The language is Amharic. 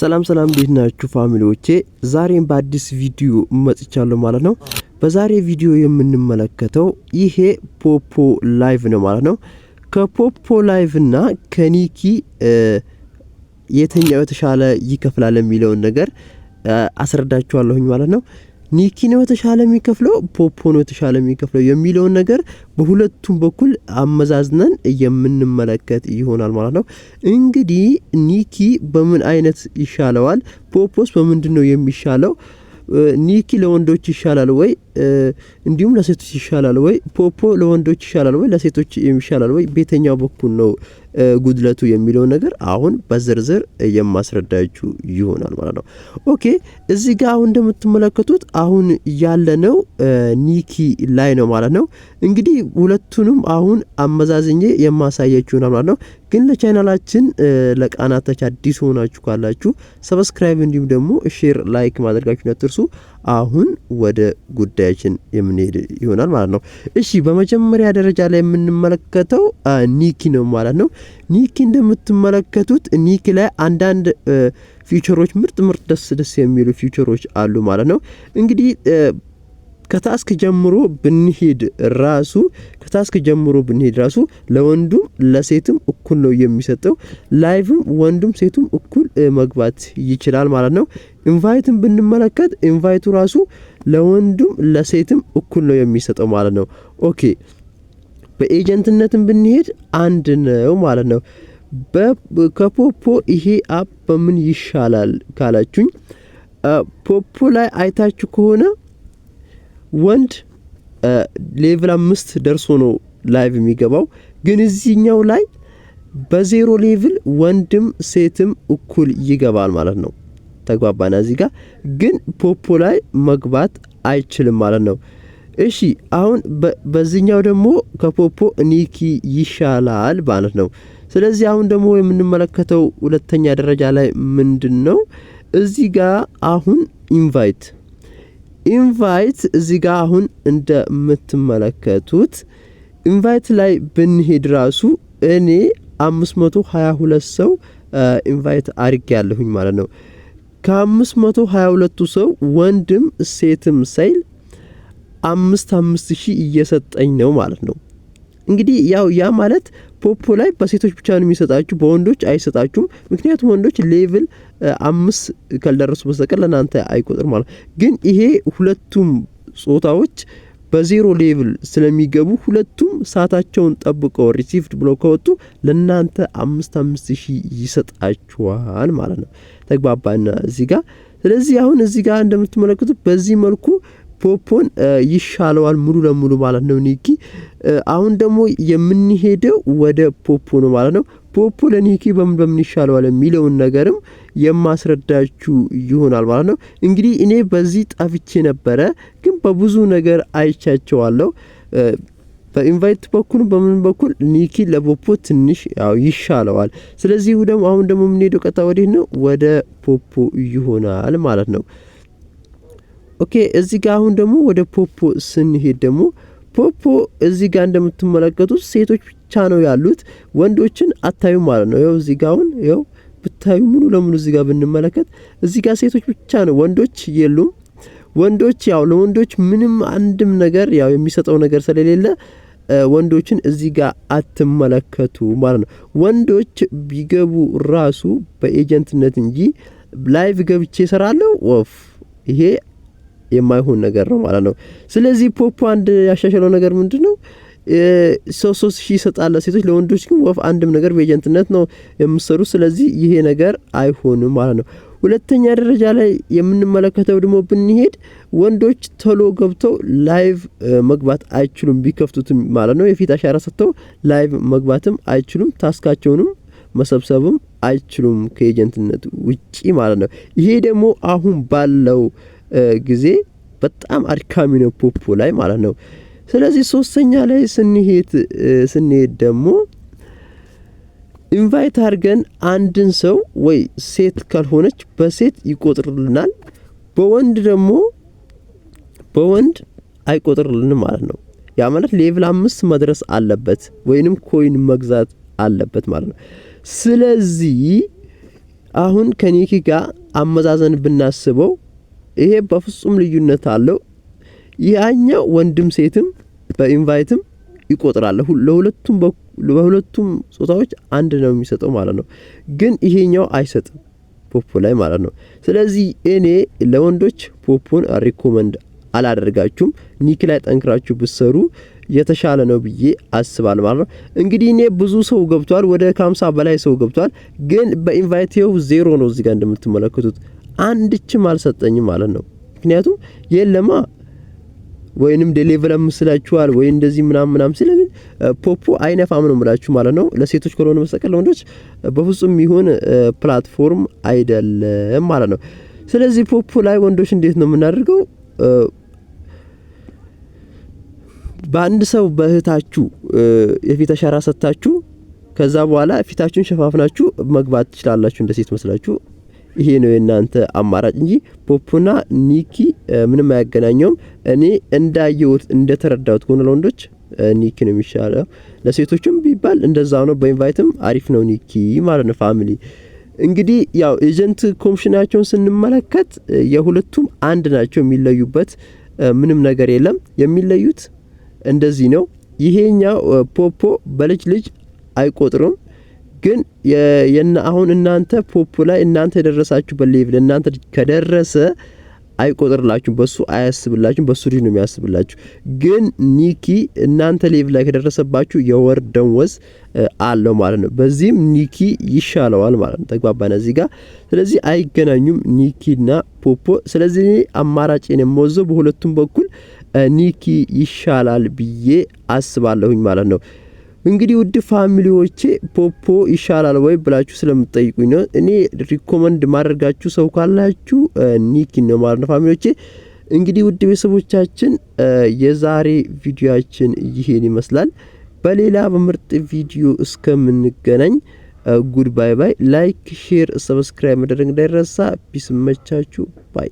ሰላም ሰላም እንዴት ናችሁ ፋሚሊዎቼ? ዛሬም በአዲስ ቪዲዮ መጥቻለሁ ማለት ነው። በዛሬ ቪዲዮ የምንመለከተው ይሄ ፖፖ ላይቭ ነው ማለት ነው። ከፖፖ ላይቭ እና ከኒኪ የትኛው የተሻለ ይከፍላል የሚለውን ነገር አስረዳችኋለሁኝ ማለት ነው። ኒኪ ነው የተሻለ የሚከፍለው፣ ፖፖ ነው የተሻለ የሚከፍለው የሚለውን ነገር በሁለቱም በኩል አመዛዝነን የምንመለከት ይሆናል ማለት ነው። እንግዲህ ኒኪ በምን አይነት ይሻለዋል? ፖፖስ በምንድን ነው የሚሻለው? ኒኪ ለወንዶች ይሻላል ወይ እንዲሁም ለሴቶች ይሻላል ወይ? ፖፖ ለወንዶች ይሻላል ወይ? ለሴቶች ይሻላል ወይ? ቤተኛው በኩል ነው ጉድለቱ የሚለው ነገር አሁን በዝርዝር የማስረዳችሁ ይሆናል ማለት ነው። ኦኬ እዚህ ጋር አሁን እንደምትመለከቱት አሁን ያለነው ኒኪ ላይ ነው ማለት ነው። እንግዲህ ሁለቱንም አሁን አመዛዝኜ የማሳያችሁ ይሆናል ማለት ነው። ግን ለቻይናላችን ለቃናታች አዲስ ሆናችሁ ካላችሁ ሰብስክራይብ እንዲሁም ደግሞ ሼር ላይክ ማድረጋችሁ ነትርሱ አሁን ወደ ጉዳያችን የምንሄድ ይሆናል ማለት ነው። እሺ በመጀመሪያ ደረጃ ላይ የምንመለከተው ኒኪ ነው ማለት ነው። ኒኪ እንደምትመለከቱት ኒኪ ላይ አንዳንድ ፊቸሮች ምርጥ ምርጥ ደስ ደስ የሚሉ ፊቸሮች አሉ ማለት ነው። እንግዲህ ከታስክ ጀምሮ ብንሄድ ራሱ ከታስክ ጀምሮ ብንሄድ ራሱ ለወንዱም ለሴትም እኩል ነው የሚሰጠው። ላይቭም ወንዱም ሴቱም እኩል መግባት ይችላል ማለት ነው። ኢንቫይትን ብንመለከት ኢንቫይቱ ራሱ ለወንዱም ለሴትም እኩል ነው የሚሰጠው ማለት ነው። ኦኬ በኤጀንትነትም ብንሄድ አንድ ነው ማለት ነው። ከፖፖ ይሄ አፕ በምን ይሻላል ካላችሁኝ፣ ፖፖ ላይ አይታችሁ ከሆነ ወንድ ሌቭል አምስት ደርሶ ነው ላይቭ የሚገባው። ግን እዚህኛው ላይ በዜሮ ሌቭል ወንድም ሴትም እኩል ይገባል ማለት ነው። ተግባባና እዚህ ጋር ግን ፖፖ ላይ መግባት አይችልም ማለት ነው። እሺ አሁን በዚህኛው ደግሞ ከፖፖ ኒኪ ይሻላል ማለት ነው። ስለዚህ አሁን ደግሞ የምንመለከተው ሁለተኛ ደረጃ ላይ ምንድን ነው? እዚህ ጋር አሁን ኢንቫይት ኢንቫይት እዚህ ጋር አሁን እንደምትመለከቱት ኢንቫይት ላይ ብንሄድ ራሱ እኔ 522 ሰው ኢንቫይት አድርጌ ያለሁኝ ማለት ነው። ከ522ቱ ሰው ወንድም ሴትም ሳይል አምስት አምስት ሺህ እየሰጠኝ ነው ማለት ነው። እንግዲህ ያው ያ ማለት ፖፖ ላይ በሴቶች ብቻ ነው የሚሰጣችሁ፣ በወንዶች አይሰጣችሁም። ምክንያቱም ወንዶች ሌቭል አምስት ካልደረሱ በስተቀር ለእናንተ አይቆጥር ማለት ግን ይሄ ሁለቱም ጾታዎች በዜሮ ሌቭል ስለሚገቡ ሁለቱም ሰዓታቸውን ጠብቀው ሪሲቭድ ብሎ ከወጡ ለእናንተ አምስት አምስት ሺህ ይሰጣችኋል ማለት ነው። ተግባባና እዚህ ጋር። ስለዚህ አሁን እዚህ ጋር እንደምትመለከቱት በዚህ መልኩ ፖፖን ይሻለዋል ሙሉ ለሙሉ ማለት ነው ኒኪ። አሁን ደግሞ የምንሄደው ወደ ፖፖ ነው ማለት ነው። ፖፖ ለኒኪ በምን በምን ይሻለዋል የሚለውን ነገርም የማስረዳችሁ ይሆናል ማለት ነው። እንግዲህ እኔ በዚህ ጠፍቼ ነበረ፣ ግን በብዙ ነገር አይቻቸዋለሁ። በኢንቫይት በኩል በምን በኩል ኒኪ ለፖፖ ትንሽ ያው ይሻለዋል። ስለዚህ ደግሞ አሁን ደግሞ የምንሄደው ቀጣ ወዴት ነው? ወደ ፖፖ ይሆናል ማለት ነው። ኦኬ እዚህ ጋር አሁን ደግሞ ወደ ፖፖ ስንሄድ ደግሞ ፖፖ እዚህ ጋር እንደምትመለከቱት ሴቶች ብቻ ነው ያሉት፣ ወንዶችን አታዩ ማለት ነው። ያው እዚህ ጋር አሁን ብታዩ ሙሉ ለሙሉ እዚህ ጋር ብንመለከት እዚህ ጋር ሴቶች ብቻ ነው፣ ወንዶች የሉም። ወንዶች ያው ለወንዶች ምንም አንድም ነገር ያው የሚሰጠው ነገር ስለሌለ ወንዶችን እዚህ ጋር አትመለከቱ ማለት ነው። ወንዶች ቢገቡ ራሱ በኤጀንትነት እንጂ ላይቭ ገብቼ እሰራለሁ ወፍ ይሄ የማይሆን ነገር ነው ማለት ነው። ስለዚህ ፖፖ አንድ ያሻሻለው ነገር ምንድን ነው? ሰው ሶስት ሺህ ይሰጣል ሴቶች፣ ለወንዶች ግን ወፍ አንድም ነገር በኤጀንትነት ነው የምሰሩ። ስለዚህ ይሄ ነገር አይሆንም ማለት ነው። ሁለተኛ ደረጃ ላይ የምንመለከተው ደግሞ ብንሄድ ወንዶች ቶሎ ገብተው ላይቭ መግባት አይችሉም፣ ቢከፍቱትም ማለት ነው። የፊት አሻራ ሰጥተው ላይቭ መግባትም አይችሉም፣ ታስካቸውንም መሰብሰብም አይችሉም ከኤጀንትነት ውጪ ማለት ነው። ይሄ ደግሞ አሁን ባለው ጊዜ በጣም አድካሚ ነው ፖፖ ላይ ማለት ነው። ስለዚህ ሶስተኛ ላይ ስንሄድ ስንሄድ ደግሞ ኢንቫይት አድርገን አንድን ሰው ወይ ሴት ካልሆነች በሴት ይቆጥርልናል፣ በወንድ ደግሞ በወንድ አይቆጥርልንም ማለት ነው። ያ ማለት ሌቭል አምስት መድረስ አለበት ወይንም ኮይን መግዛት አለበት ማለት ነው። ስለዚህ አሁን ከኒኪ ጋር አመዛዘን ብናስበው ይሄ በፍጹም ልዩነት አለው። ያኛው ወንድም ሴትም በኢንቫይትም ይቆጥራል። ለሁለቱም በሁለቱም ጾታዎች አንድ ነው የሚሰጠው ማለት ነው። ግን ይሄኛው አይሰጥም ፖፖ ላይ ማለት ነው። ስለዚህ እኔ ለወንዶች ፖፖን ሪኮመንድ አላደርጋችሁም። ኒክ ላይ ጠንክራችሁ ብሰሩ የተሻለ ነው ብዬ አስባል ማለት ነው። እንግዲህ እኔ ብዙ ሰው ገብቷል፣ ወደ ከሀምሳ በላይ ሰው ገብቷል። ግን በኢንቫይቴው ዜሮ ነው እዚጋ እንደምትመለከቱት አንድችም አልሰጠኝም ማለት ነው። ምክንያቱም የለማ ወይንም ዴሌቨል አምስላችኋል ወይ እንደዚህ ምናምን ምናም ስለምን ፖፖ አይነፋም ነው ምላችሁ ማለት ነው። ለሴቶች ከሆነ መስቀል ለወንዶች በፍጹም ይሁን ፕላትፎርም አይደለም ማለት ነው። ስለዚህ ፖፖ ላይ ወንዶች እንዴት ነው የምናደርገው? በአንድ ሰው በእህታችሁ የፊት አሻራ ሰጥታችሁ ከዛ በኋላ ፊታችሁን ሸፋፍናችሁ መግባት ትችላላችሁ እንደ ሴት መስላችሁ ይሄ ነው የእናንተ አማራጭ እንጂ ፖፖና ኒኪ ምንም አያገናኘውም። እኔ እንዳየሁት እንደተረዳሁት ከሆነ ለወንዶች ኒኪ ነው የሚሻለው፣ ለሴቶችም ቢባል እንደዛ ነው። በኢንቫይትም አሪፍ ነው ኒኪ ማለት ነው። ፋሚሊ እንግዲህ ያው ኤጀንት ኮሚሽናቸውን ስንመለከት የሁለቱም አንድ ናቸው። የሚለዩበት ምንም ነገር የለም። የሚለዩት እንደዚህ ነው። ይሄኛው ፖፖ በልጅ ልጅ አይቆጥሩም ግን አሁን እናንተ ፖፕ ላይ እናንተ የደረሳችሁበት ሌቭል እናንተ ከደረሰ አይቆጥርላችሁም። በሱ አያስብላችሁም። በሱ ልጅ ነው የሚያስብላችሁ። ግን ኒኪ እናንተ ሌቭል ላይ ከደረሰባችሁ የወር ደንወዝ አለው ማለት ነው። በዚህም ኒኪ ይሻለዋል ማለት ነው። ተግባባን እዚህ ጋር። ስለዚህ አይገናኙም ኒኪና ፖፖ። ስለዚህ አማራጭን የምወዘው በሁለቱም በኩል ኒኪ ይሻላል ብዬ አስባለሁኝ ማለት ነው። እንግዲህ ውድ ፋሚሊዎቼ ፖፖ ይሻላል ወይ ብላችሁ ስለምትጠይቁኝ ነው። እኔ ሪኮመንድ ማድረጋችሁ ሰው ካላችሁ ኒኪ ነው ማለት ነው ፋሚሊዎቼ። እንግዲህ ውድ ቤተሰቦቻችን የዛሬ ቪዲዮችን ይሄን ይመስላል። በሌላ በምርጥ ቪዲዮ እስከምንገናኝ ጉድ ባይ ባይ። ላይክ፣ ሼር፣ ሰብስክራይብ መደረግ እንዳይረሳ። ፒስ መቻችሁ ባይ